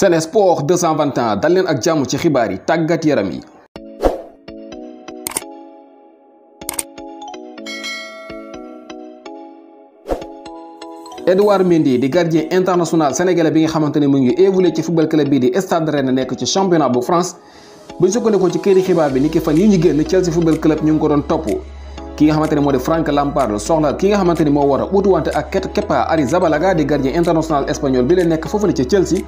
Sen Sport 221 dal leen ak jàmm ci xibaar yi tàggat yaram yi. Edouard Mendy di gardien international sénégalais bi nga xamante ne mu ngi évolué ci football club bii di Stade Rennes nekk ci championnat bu France bu ñu sukkandikoo ci këri xibaar bi ni yi ñu génn Chelsea football club ñu ngi ko doon topp. ki nga xamante ne moo di Frank Lampard soxla ki nga xamante ni moo war a utuwante ak Kepa Arrizabalaga di gardien international espagnol bi leen nekk foofu la ca Chelsea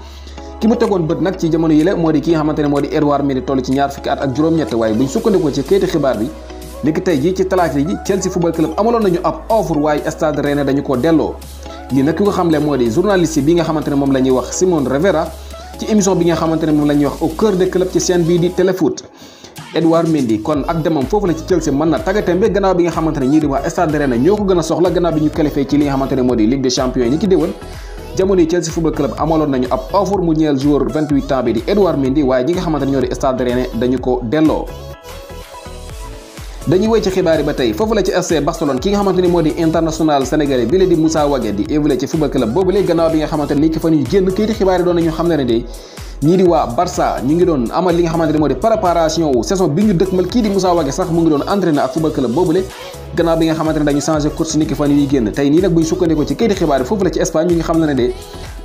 ki mu tegoon bët nag ci jamono yile moo di ki nga xamante ne moo di Edouard Mendy toll ci ñaar fukki at ak juróom-ñett waaye buñ sukkandikoo ci kayiti xibaar bi niki tey jii ci talaata Chelsea football club amaloon nañu ab offre waaye Stade Rennais dañu ko delloo lii nag ki ko xamle moo di journaliste bi nga xamante ne moom la ñuy wax Simon Rivera ci émission bi nga xamante ne moom la wax au de club ci seen bii di téléfoot Edouard Mendy kon ak demam foofu a soxla gannaaw nga xamante ne moo di jamono Chelsea football club amaloon nañu ab offre mu ñeel joueur 28 ans bi di Edouard Mendy waaye ñi nga xamante ne ñoo di Stade Rennais dañu ko delloo. dañuy wéy ci xibaar ba tey foofu la ci FC Barcelone ki nga xamante ni moo di international sénégalais bi la di Moussa Wagué di évolué ci football club boobu léegi gannaaw bi nga xamante ni ki fan yu génn kayiti xibaar yi doon nañu xam ne ne de. ñii di waa Barça ñu ngi doon amal li nga xamante ne moo di préparation wu saison bi ñu dëkkmal kii di Moussa Wagué sax mu ngi doon entraîné ak football club boobule gannaaw bi nga xamante ne dañu changé course niki fan yuy génn tey nii nag buñ sukkandikoo ci kayiti xibaar foofu la ci Espagne ñu ngi xam ne de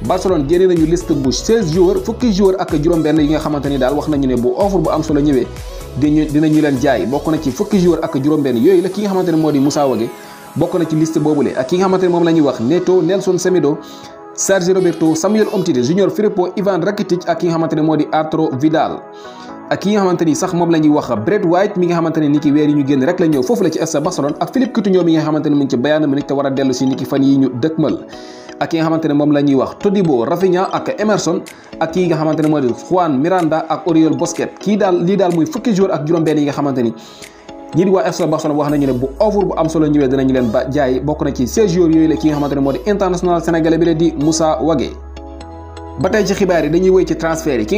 Barcelone génne nañu liste bu 16 ak juróom-benn yi nga xamante daal wax nañu ne bu offre bu am solo ñëwee diñu dinañu leen jaay bokk na ci fukki joueurs ak juróom-benn yooyu la ki nga xamante bokk na ci liste boobule ak ki nga xamante ne moom la ñuy wax Neto Nelson Semedo Sergi Roberto Samuel Umtiti Junior Firpo Ivan Rakitic ak ki nga xamante moo di Arturo Vidal ak ki nga xamante ni sax moom la wax Brett White mi nga xamante ne ni weer yi ñu génn rek la foofu la ci FC Barcelone ak Philippe Coutinho mi nga xamante a dellu si ni ki fan ki nga moom la wax Todibo Rafinha ak Emerson ak ki nga xamante moo di Juan Miranda ak Oriol Bosquet kii daal lii daal muy fukki joueur ak juróom-benn yi nga xamante ni ñii di waa FC Barcelone wax nañu ne bu offre bu am solo ñëwee dinañu leen ba jaay bokk na ci 16 yooyu la ki nga xamante ne moo di international nga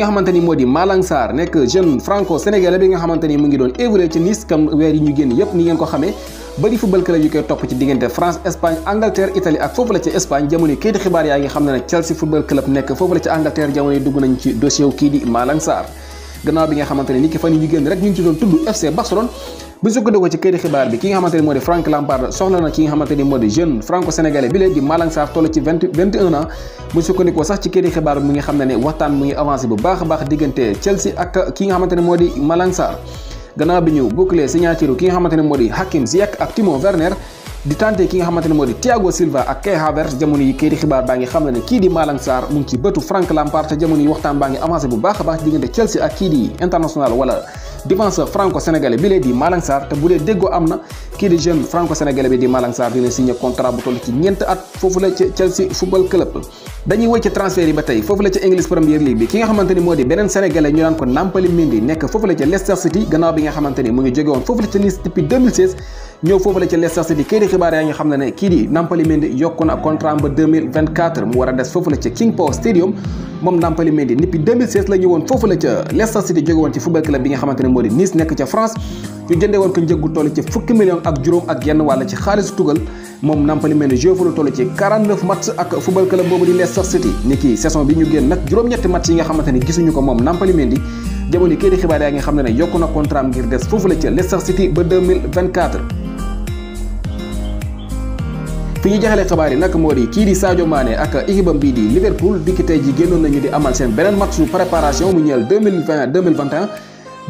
xamante ni ni mu ngi doon évoluer ci Nice kam weer yi ñu ba di football club yu kii di xibaar ne nag Chelsea football club gannaaw bi nga xamante ne ni ki fan yi ñu génn rek ñu doon tudd FC Barcelone bu sukkandikoo ci këri xibaar bi ki nga xamante ni moo di Frank Lampard soxla na ki nga xamante moo di jeune franco sénégalais bi lee di Malang Sarr toll ci 20 21 ans bu sax ci këri xibaar bi mu ngi xam ne ne waxtaan mu ngi avancé bu baax a baax diggante Chelsea ak ki nga xamante ne moo di Malang Sarr gannaaw bi ñu boucler signature ki nga xamante ne moo di Hakim Ziyech ak Timo Werner di tenter ki nga xamante ne moo di Thiago Silva ak Kai Havertz jamono yi këyiti xibaar baa ngi xam ne ne kii di Malang Sarr mu ngi ci bëtu Frank Lampard te jamono yi waxtaan baa ngi avancé bu baax a baax diggante Chelsea ak kii di international wala défenseur franco sénégalais bi lee di Malang te bu dee déggoo am na kii di jeune franco-sénégalais bi di Malang Sarr dina signé contrat bu toll ci ñeent at foofu la ca Chelsea football club dañuy wëcc ci transfert yi ba tey foofu la ca English Premier League bi ki nga xamante moo di beneen sénégalais ñu naan ko Nampali Mendy nekk foofu la ca Leicester City gannaaw bi nga xamante ni mu ngi jóge woon foofu la ca Leicester City kii xibaar yaa ngi xam ne ne kii di Nampali Mendy yokku na contrat ba mu war a des foofu la ca King Power moom Nampali Mendy depuis 2016 la ñëwoon foofu la ca Leicester City jóge woon ci football club bi nga xamante ne moo di Nice nekk ca France ñu jëndee woon ko njëggu toll ci fukki million ak juróom ak yenn wàlla ci xaalisu tugal moom Nampali Mendy joué fa lu ci 49 ak football club boobu di Leicester City ni ki saison bi ñu génn nag juróom-ñetti match yi nga xamante gisuñu ko moom Nampali Mendy jamono kii xibaar yaa nga xam ne ne yokku na contrat ngir des fi ñu jaxalee xabaar yi nag moo di kii di Sadio Mané ak équipe bii di Liverpool dikki tey ji génnoon nañu di amal seen beneen match su préparation mu ñeel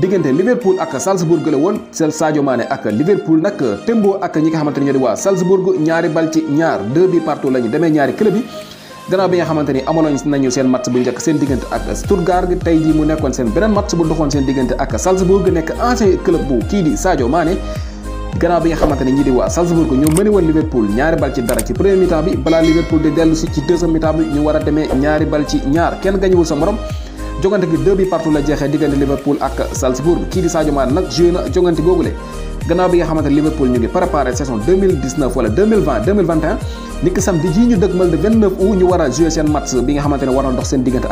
diggante Liverpool ak Salzburg la woon sel Sadio Mané ak Liverpool nag témboo nga xamante ne ñoo di ñaari bal ci ñaar deux bi partout la ñu demee ñaari club yi gannaaw bi nga xamante ni amoon nañu seen match bu njëkk seen diggante ak Stuttgart tey jii mu nekkoon seen beneen match bu doxoon seen diggante ak Salzburg nekk ancien club bu kii di Sadio gannaaw bi nga xamante ne di waa Salzbourg ñoo mëni woon Liverpool ñaari bal ci dara ci premier mi bi balaa Liverpool di dellu si ci deuxième mi bi ñu war a demee ñaari bal ci ñaar kenn gañuwul sa morom jogante gi deux bi partout la jeexee diggante Liverpool ak Salzbourg kii di Sadio nag joué na jogante gannaaw bi nga xamante Liverpool ñu ngi préparé saison 2019 wala 2020 2021 jii ñu dëgmal le 29 a joué seen match nga xamante ne war na dox seen diggante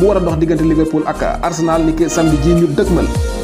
bu war a dox diggante Liverpool ak Arsenal ni ki samedi ji ñu dëgmal